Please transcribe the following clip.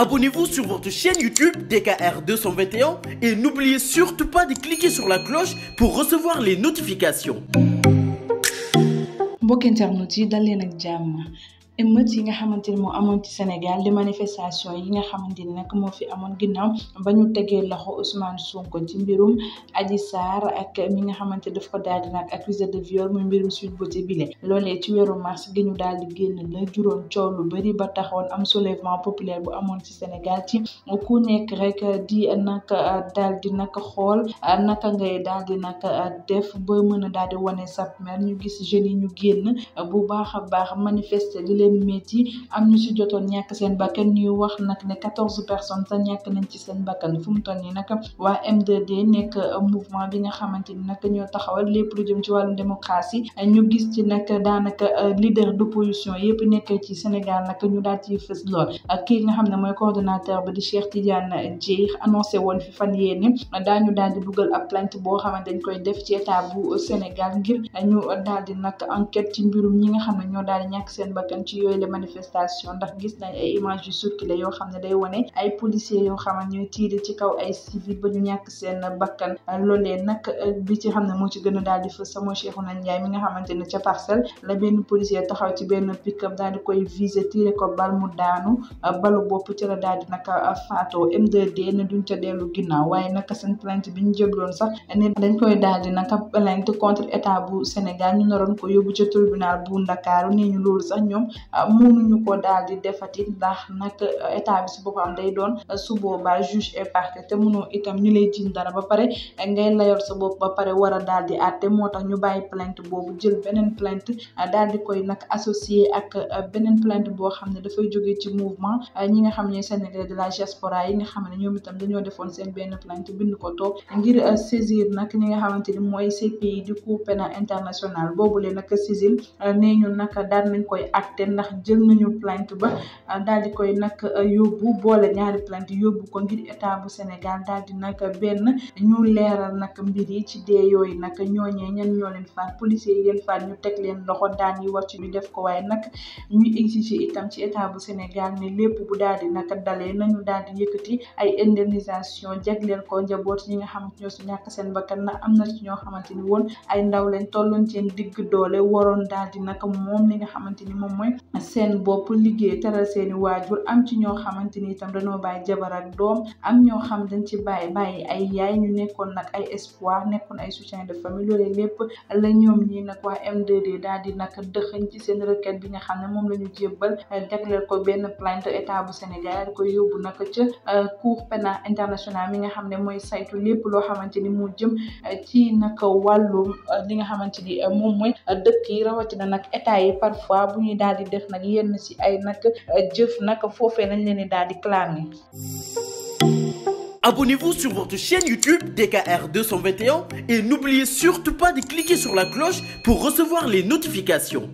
Abonnez-vous sur votre chaîne YouTube DKR 221 et n'oubliez surtout pas de cliquer sur la cloche pour recevoir les notifications. mbokk internet yi dal leen ak jàmm émeutes yi nga xamante ni moo amoon ci Sénégal di manifestation yi nga xamante ni nag moo fi amoon ginnaaw ba ñu tegee loxo Ousmane Sonko ci mbirum Adji Sarr ak mi nga xamante def ko daal di nag accusé de viol muy mbirum Sweet Beauté bile loolee ci weeru mars gi ñu daal di génn la juróom coow lu bëri ba taxoon am soulèvement populaire bu amoon ci Sénégal ci ku nekk rek di nag daal di nag xool naka ngay daal di nag def ba mën a daal di wane sa mer ñu gis jeunes yi ñu génn bu baax a baax manifester li leen leen métti am ñu si jotoon ñàkk seen bakkan ñuy wax nag ne quatorze personnes sa ñàkk nañ ci seen bakkan fu mu toll nii nag waa d nekk mouvement bi nga xamante ni nag ñoo taxawal lépp lu jëm ci wàllum démocratie ñu gis ci nag daanaka euh, leader d'opposition yëpp nekk ci Sénégal nag ñu daal ci fës lool kii nga xam ne mooy coordonnateur bi di Cheikh Tidiane Dièye annoncé woon fi fan yéene daañu daal di dugal ab plainte boo xamante dañ koy def ci état bu Sénégal ngir ñu daal di nag enquête ci mbirum ñi nga xam ñoo daal di ñàkk seen bakkan ci yooyu manifestation ndax gis nañ a image yu circulé yoo xam ne day wane ay policiers yoo xam ne ñooy tiire ci kaw ay civil ba ñu ñàkk seen bakkan loolee nag euh, bi ci xam ne moo ci gën a daal di fës sama Cheikhouna Ndiaye mi nga xamante ne ca benn policier taxaw ci benn pick daal di koy viser tiire ko bal mu daanu balu bopp ci la daal di nag euh, faatoo M2D ne ca dellu ginnaaw waaye nag seen plainte bi ñu jëbloon sax ne dañ koy daal di nag plainte contre état bu Sénégal ñu naroon ko yóbbu ca tribunal bu Ndakaaru nee ñu loolu sax ñoom Euh, ñu ko daal di defati ndax nag euh, état bi su boppam day doon euh, su boobaa juge et parquet te mënoo itam ñu lay jiin dara ba pare ngay layoor sa bopp ba pare war a daal di àtte moo tax ñu bàyyi plainte boobu jël beneen plainte daal di koy nag associé ak beneen plainte boo xam ne dafay jógee ci mouvement ñi nga xam ne sénégalais de la diaspora yi nga xam ne ñoom itam dañoo defoon seen benn plainte bind ko toog ngir saisir nag ñi nga xamante ni mooy CPI di Cour pénale internationale boobu leen nag saisir nee ñu nag daal nañ koy acté ndax jël nañu plant ba ah, daal di koy nag ah, yóbbu boole ñaari plant yóbbu ko ngir état bu Sénégal daal di nag benn ñu leeral nag mbir yi ci dee yooyu nag ñooñee ñan ñoo leen faat policiers yi leen faat ñu teg leen loxo daan yi wàcc ñu def ko waaye nag ñu exiger itam ci état bu Sénégal ne lépp bu daal di nag dalee nañu daal di yëkkati ay indemnisation leen ko njaboot ñi nga xamante ñoo si ñàkk seen bakkan ndax am na ci ñoo xamante ni woon ay ndaw leen tolloon seen digg doole di nag li nga xamante ni moom mooy seen bopp liggéey teral seeni waajur am ci ñoo xamante ni itam dañoo bàyyi jabar ak doom am ñoo xam dañ ci bàyyi bàyyi ay yaay ñu nekkoon nag ay espoir nekkoon ay soutien de famille loolee lépp la ñoom ñi nag waa M2D daal di nag dëxañ ci seen requête bi nga xam ne moom la ñu jébbal jagleel ko benn plainte état bu Sénégal di ko yóbbu nag ca euh, cour pénal international mi nga xam ne mooy saytu lépp loo xamante ni moo jëm ci nag wàllu euh, li nga xamante ni euh, moom mooy dëkk yi rawatina nag état yi parfois bu ñuy daal di def nag yenn si ay nag euh, jëf nag foofee nañ leen di daal di clamé. Abonnez-vous sur votre chaîne YouTube DKR 221 et n'oubliez surtout pas de cliquer sur la cloche pour recevoir les notifications.